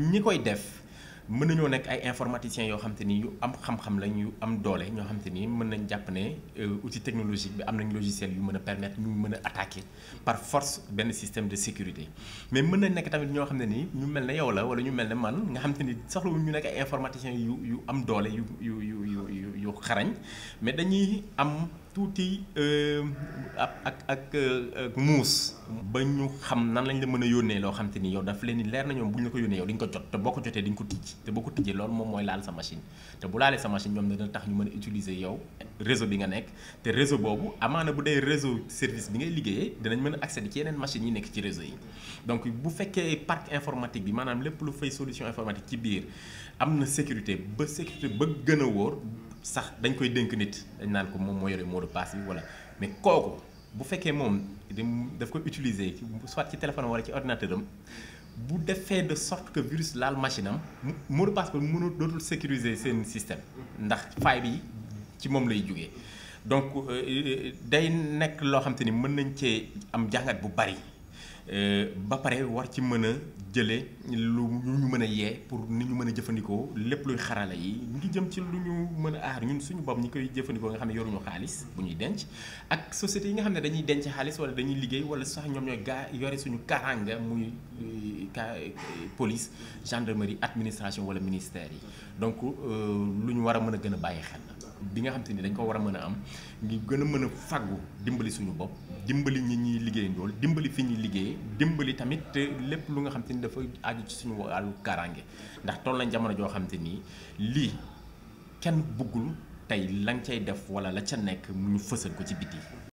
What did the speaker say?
ñi koy def mën nañoo nekk ay informaticiens yoo xam ni yu am xam-xam la ñu am doole ñoo xam ni mën nañ jàpp ne euh, outil technologie bi am nañ logiciel yu mën a permettre ñu mën a attaquer par force benn système de sécurité mais mën na nekk tamit ñoo xam ne nii ñu mel ne yow la wala ñu mel ne man nga xam te ni soxla ñu nekk ay informaticiens yu yu am doole yu yu yu yu yu xarañ mais dañuy am tuuti euh, ak ak euh, ak muus. ba ñu xam nan lañ la mën a yónnee loo xam te ni yow daf leen ni leer na ñoom bu ñu la ko yónnee yow di ko jot te boo ko jotee di ko tijji te boo ko tijjee loolu moom mooy laal sa machine te bu laalee sa machine ñoom dana tax ñu mën a utiliser yow réseau bi nga nekk te réseau boobu amaana bu dee réseau service bi ngay liggéeyee danañ mën a accéder ci yeneen machines yi nekk ci réseau yi donc bu fekkee parc informatique bi maanaam lépp lu fay solution informatique ci biir am na sécurité ba sécurité gën a wóor. sax dañ koy dénk nit dañ naan ko moom moo yore mot de passe bi voilà mais kooku bu fekkee moom daf ko utiliser soit ci téléphone wala ci ordinateur am bu defee de sorte que virus laal machine am mot de passe ba mënul dootul sécuriser seen système ndax faay bi ci moom lay jógee donc euh, euh, euh, day nekk loo xam te ni mën nañ cee am jàngat bu bari Euh, ba pare war ci mën a jëlee lu ñu mën a yee pour ni ñu mën a jëfandikoo lépp luy xarala yi ngi jëm ci lu ñu mën a aar ñun suñu bopp ñu koy jëfandikoo nga xam ne yoruñu xaalis bu ñuy denc ak société yi nga xam ne dañuy denc xaalis wala dañuy liggéey wala sax ñoom ñooy gaa yore suñu karanga muy euh, ka euh, police gendarmerie administration wala ministère yi donc lu ñu war a mën a gën a bàyyi xel bi nga xamante ni dañ ko war a mën a am ngi gën a mën a fàggu dimbali suñu bopp dimbali ñi ñuy liggéey ndool dimbali fi ñuy liggéey dimbali tamit lépp lu nga xamante ni dafa aju ci suñu wàllu karange ndax toll nañ jamono joo xamante ni lii kenn bëggul tey la nga cay def wala la ca nekk ñu fësal ko ci biti